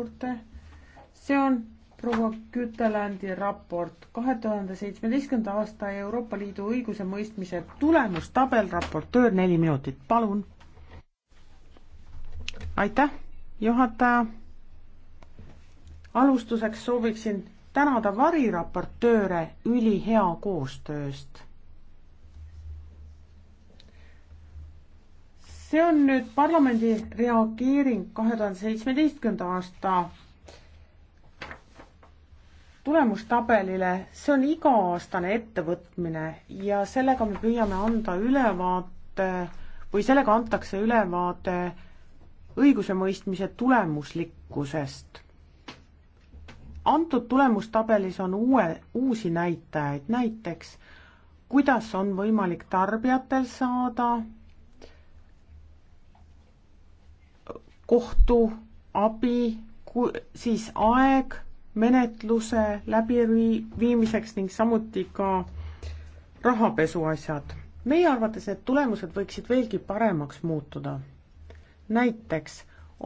juurde. see on proua Kütelandi raport kahe tuhande seitsmeteistkümnenda aasta Euroopa Liidu õigusemõistmise tulemustabel, raportöör neli minutit, palun. aitäh, juhataja. alustuseks sooviksin tänada variraportööre ülihea koostööst see on nüüd parlamendi reageering kahe tuhande seitsmeteistkümnenda aasta tulemustabelile, see on iga-aastane ettevõtmine ja sellega me püüame anda ülevaate või sellega antakse ülevaade õigusemõistmise tulemuslikkusest. antud tulemustabelis on uue, uusi näitajaid, näiteks kuidas on võimalik tarbijatel saada kohtuabi, siis aeg menetluse läbiviimiseks ning samuti ka rahapesuasjad. meie arvates need tulemused võiksid veelgi paremaks muutuda. näiteks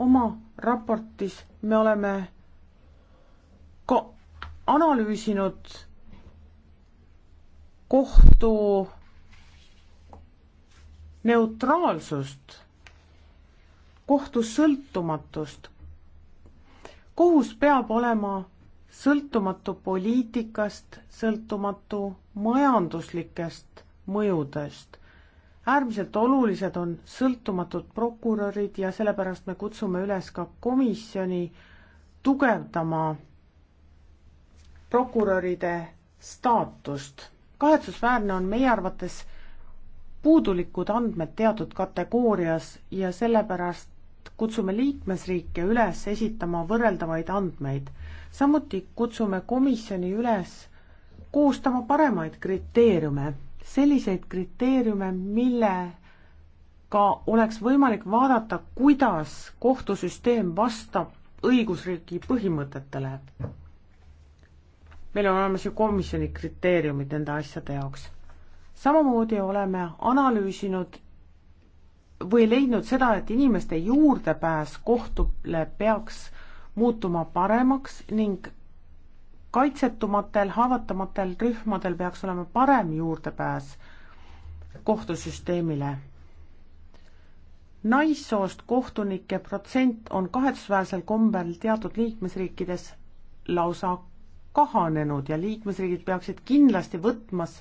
oma raportis me oleme ka analüüsinud kohtu neutraalsust kohtu sõltumatust. kohus peab olema sõltumatu poliitikast, sõltumatu majanduslikest mõjudest. äärmiselt olulised on sõltumatud prokurörid ja sellepärast me kutsume üles ka komisjoni tugevdama prokuröride staatust. kahetsusväärne on meie arvates puudulikud andmed teatud kategoorias ja sellepärast kutsume liikmesriike üles esitama võrreldavaid andmeid. samuti kutsume komisjoni üles koostama paremaid kriteeriume, selliseid kriteeriume, millega oleks võimalik vaadata, kuidas kohtusüsteem vastab õigusriigi põhimõtetele. meil on olemas ju komisjoni kriteeriumid nende asjade jaoks. samamoodi oleme analüüsinud või leidnud seda, et inimeste juurdepääs kohtule peaks muutuma paremaks ning kaitsetumatel, haavatamatel rühmadel peaks olema parem juurdepääs kohtusüsteemile. naissoost kohtunike protsent on kahetsusväärsel kombel teatud liikmesriikides lausa kahanenud ja liikmesriigid peaksid kindlasti võtmas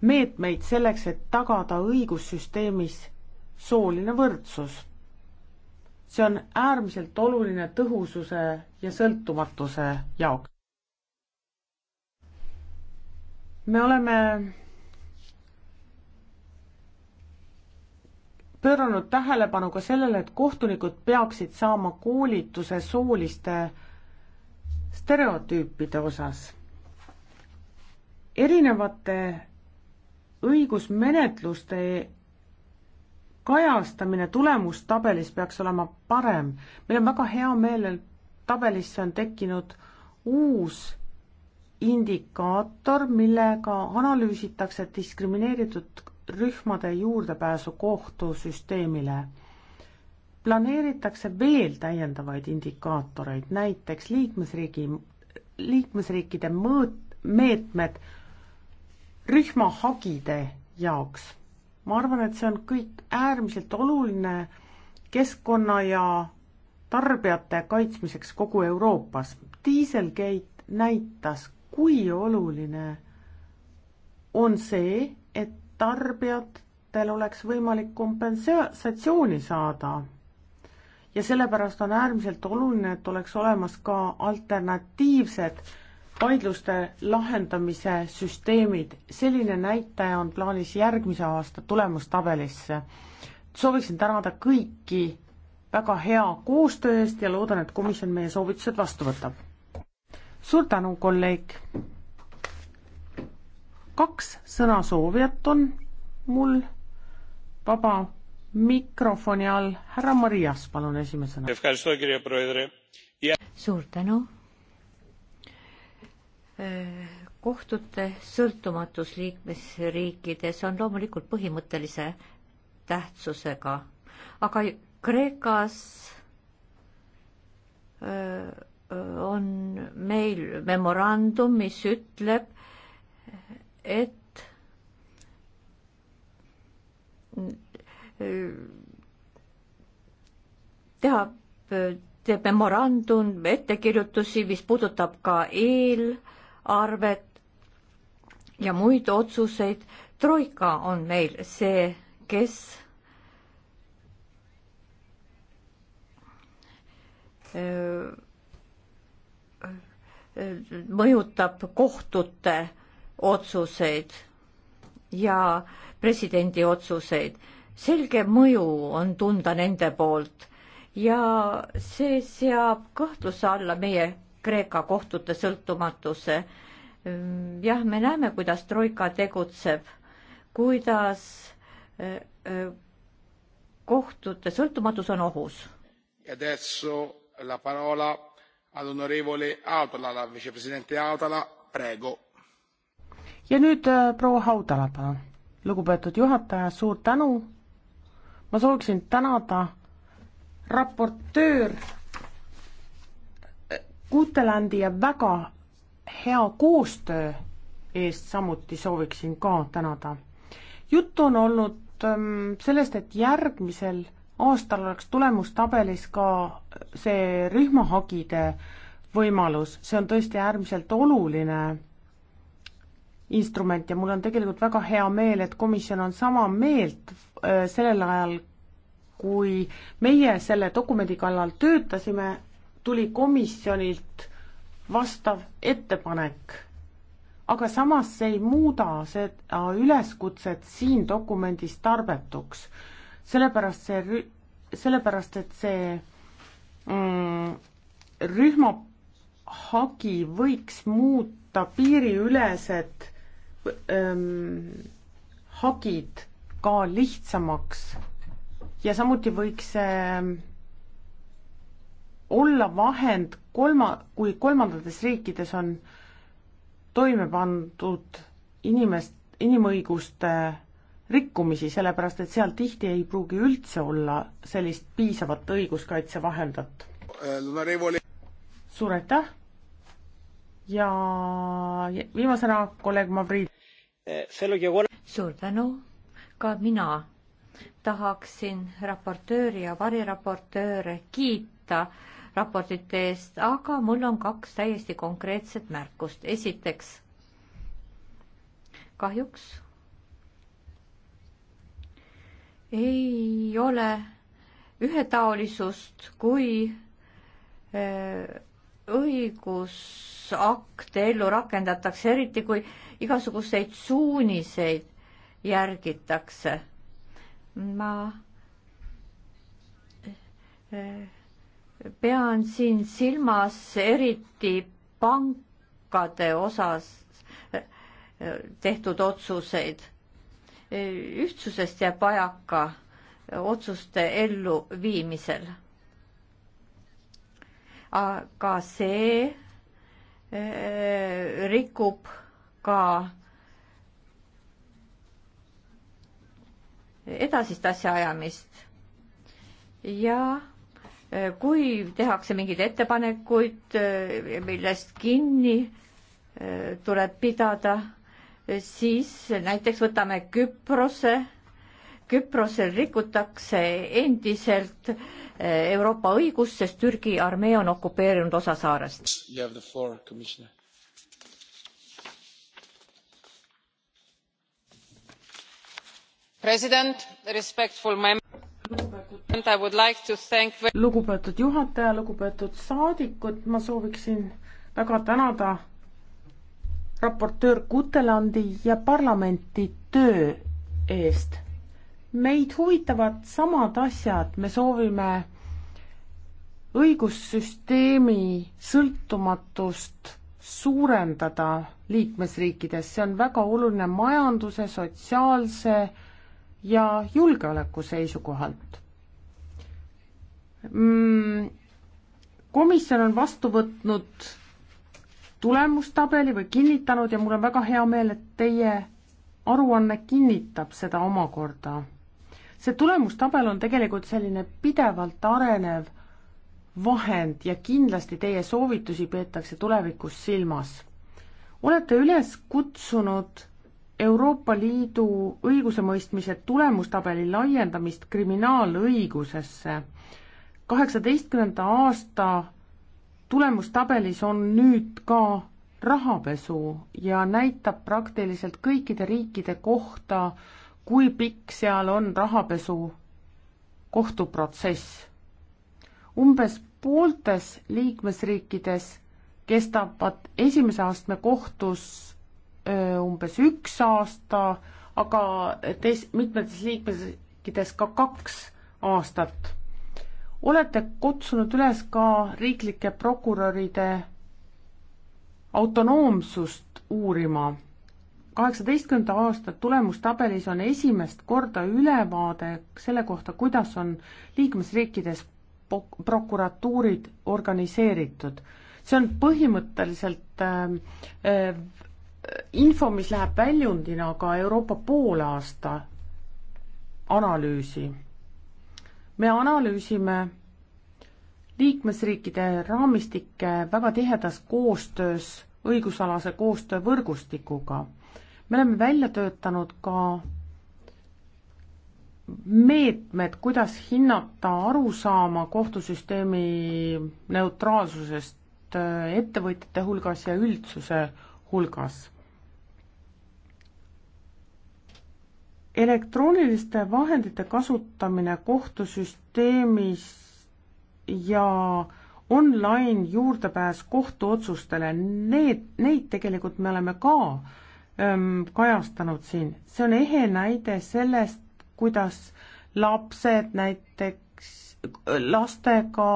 meetmeid selleks, et tagada õigussüsteemis sooline võrdsus. see on äärmiselt oluline tõhususe ja sõltumatuse jaoks. me oleme pööranud tähelepanu ka sellele, et kohtunikud peaksid saama koolituse sooliste stereotüüpide osas. erinevate õigusmenetluste kajastamine tulemustabelis peaks olema parem. meil on väga hea meel, et tabelisse on tekkinud uus indikaator, millega analüüsitakse diskrimineeritud rühmade juurdepääsu kohtusüsteemile. planeeritakse veel täiendavaid indikaatoreid, näiteks liikmesriigi, liikmesriikide mõõt-, meetmed rühmahagide jaoks. ma arvan, et see on kõik äärmiselt oluline keskkonna ja tarbijate kaitsmiseks kogu Euroopas. Dieselgate näitas, kui oluline on see, et tarbijatel oleks võimalik kompensatsiooni saada. ja sellepärast on äärmiselt oluline, et oleks olemas ka alternatiivsed vaidluste lahendamise süsteemid, selline näitaja on plaanis järgmise aasta tulemustabelisse. sooviksin tänada kõiki väga hea koostöö eest ja loodan, et komisjon meie soovitused vastu võtab. suur tänu, kolleeg! kaks sõnasoovijat on mul vaba mikrofoni all, härra Marias, palun esimesena. suur tänu kohtute sõltumatus liikmesriikides on loomulikult põhimõttelise tähtsusega, aga Kreekas on meil memorandum, mis ütleb, et teha, teeb memorandum ettekirjutusi, mis puudutab ka eel- arvet ja muid otsuseid. troika on meil see, kes mõjutab kohtute otsuseid ja presidendi otsuseid. selge mõju on tunda nende poolt ja see seab kõhtluse alla meie Kreeka kohtute sõltumatuse. jah, me näeme, kuidas Troika tegutseb, kuidas eh, eh, kohtute sõltumatus on ohus. E ja nüüd eh, proua Haudala, palun. lugupeetud juhataja, suur tänu. ma sooviksin tänada raportöör Gutelandi ja väga hea koostöö eest samuti sooviksin ka tänada. juttu on olnud ähm, sellest, et järgmisel aastal oleks tulemustabelis ka see rühmahagide võimalus, see on tõesti äärmiselt oluline instrument ja mul on tegelikult väga hea meel, et komisjon on sama meelt äh, sellel ajal, kui meie selle dokumendi kallal töötasime, tuli komisjonilt vastav ettepanek. aga samas see ei muuda seda üleskutset siin dokumendis tarbetuks, sellepärast see, sellepärast et see mm, rühmahagi võiks muuta piiriülesed ähm, hagid ka lihtsamaks ja samuti võiks see äh, olla vahend kolma, kui kolmandates riikides on toime pandud inimest, inimõiguste rikkumisi, sellepärast et seal tihti ei pruugi üldse olla sellist piisavat õiguskaitsevahendat. suur aitäh ja viimasena kolleeg Mavrid. suur tänu, ka mina tahaksin raportööri ja variraportööre kiita raportite eest, aga mul on kaks täiesti konkreetset märkust. esiteks, kahjuks ei ole ühetaolisust, kui äh, õigusakte ellu rakendatakse, eriti kui igasuguseid suuniseid järgitakse ma eh, pean siin silmas eriti pankade osas eh, tehtud otsuseid. Eh, ühtsusest jääb vajaka otsuste elluviimisel. aga see rikub ka edasist asjaajamist. ja e, kui tehakse mingeid ettepanekuid, e, millest kinni e, tuleb pidada, siis näiteks võtame Küprose. Küprosel rikutakse endiselt Euroopa õigust, sest Türgi armee on okupeerinud osa saarest. lugupeetud juhataja, lugupeetud saadikud, ma sooviksin väga tänada raportöör Kutelandi ja parlamenti töö eest. meid huvitavad samad asjad, me soovime õigussüsteemi sõltumatust suurendada liikmesriikides, see on väga oluline majanduse, sotsiaalse ja julgeoleku seisukohalt. Mm, komisjon on vastu võtnud tulemustabeli või kinnitanud ja mul on väga hea meel, et teie aruanne kinnitab seda omakorda. see tulemustabel on tegelikult selline pidevalt arenev vahend ja kindlasti teie soovitusi peetakse tulevikus silmas. olete üles kutsunud Euroopa Liidu õigusemõistmise tulemustabeli laiendamist kriminaalõigusesse. kaheksateistkümnenda aasta tulemustabelis on nüüd ka rahapesu ja näitab praktiliselt kõikide riikide kohta, kui pikk seal on rahapesu kohtuprotsess. umbes pooltes liikmesriikides kestavad esimese astme kohtus Äh, umbes üks aasta, aga teis-, mitmetes liikmesriikides ka kaks aastat. olete kutsunud üles ka riiklike prokuröride autonoomsust uurima. kaheksateistkümnenda aasta tulemustabelis on esimest korda ülevaade selle kohta, kuidas on liikmesriikides prokuratuurid organiseeritud see on põhimõtteliselt äh, äh, info, mis läheb väljundina ka Euroopa poolaasta analüüsi. me analüüsime liikmesriikide raamistikke väga tihedas koostöös õigusalase koostöö võrgustikuga. me oleme välja töötanud ka meetmed, kuidas hinnata arusaama kohtusüsteemi neutraalsusest äh, ettevõtjate hulgas ja üldsuse hulgas elektrooniliste vahendite kasutamine kohtusüsteemis ja online juurdepääs kohtuotsustele, need, neid tegelikult me oleme ka öm, kajastanud siin. see on ehe näide sellest, kuidas lapsed näiteks, lastega,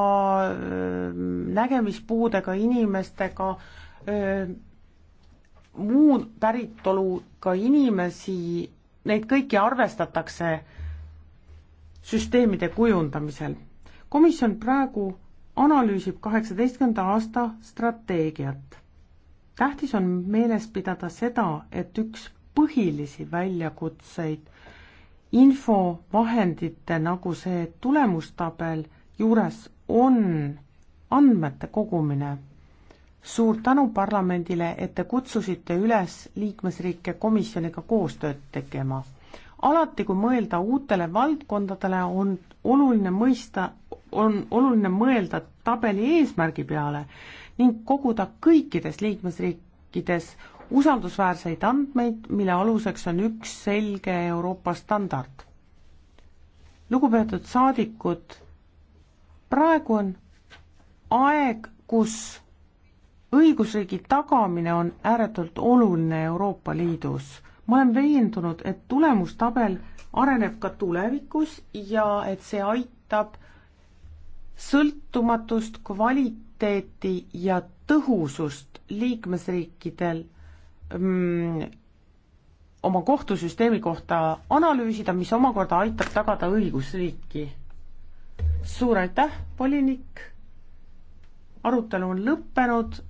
nägemispuudega inimestega, muu päritoluga inimesi neid kõiki arvestatakse süsteemide kujundamisel. komisjon praegu analüüsib kaheksateistkümnenda aasta strateegiat. tähtis on meeles pidada seda, et üks põhilisi väljakutseid infovahendite nagu see tulemustabel juures on andmete kogumine suur tänu parlamendile, et te kutsusite üles liikmesriike komisjoniga koostööd tegema. alati, kui mõelda uutele valdkondadele, on oluline mõista, on oluline mõelda tabeli eesmärgi peale ning koguda kõikides liikmesriikides usaldusväärseid andmeid, mille aluseks on üks selge Euroopa standard. lugupeetud saadikud, praegu on aeg, kus õigusriigi tagamine on ääretult oluline Euroopa Liidus. ma olen veendunud, et tulemustabel areneb ka tulevikus ja et see aitab sõltumatust, kvaliteeti ja tõhusust liikmesriikidel mm, oma kohtusüsteemi kohta analüüsida, mis omakorda aitab tagada õigusriiki. suur aitäh, volinik, arutelu on lõppenud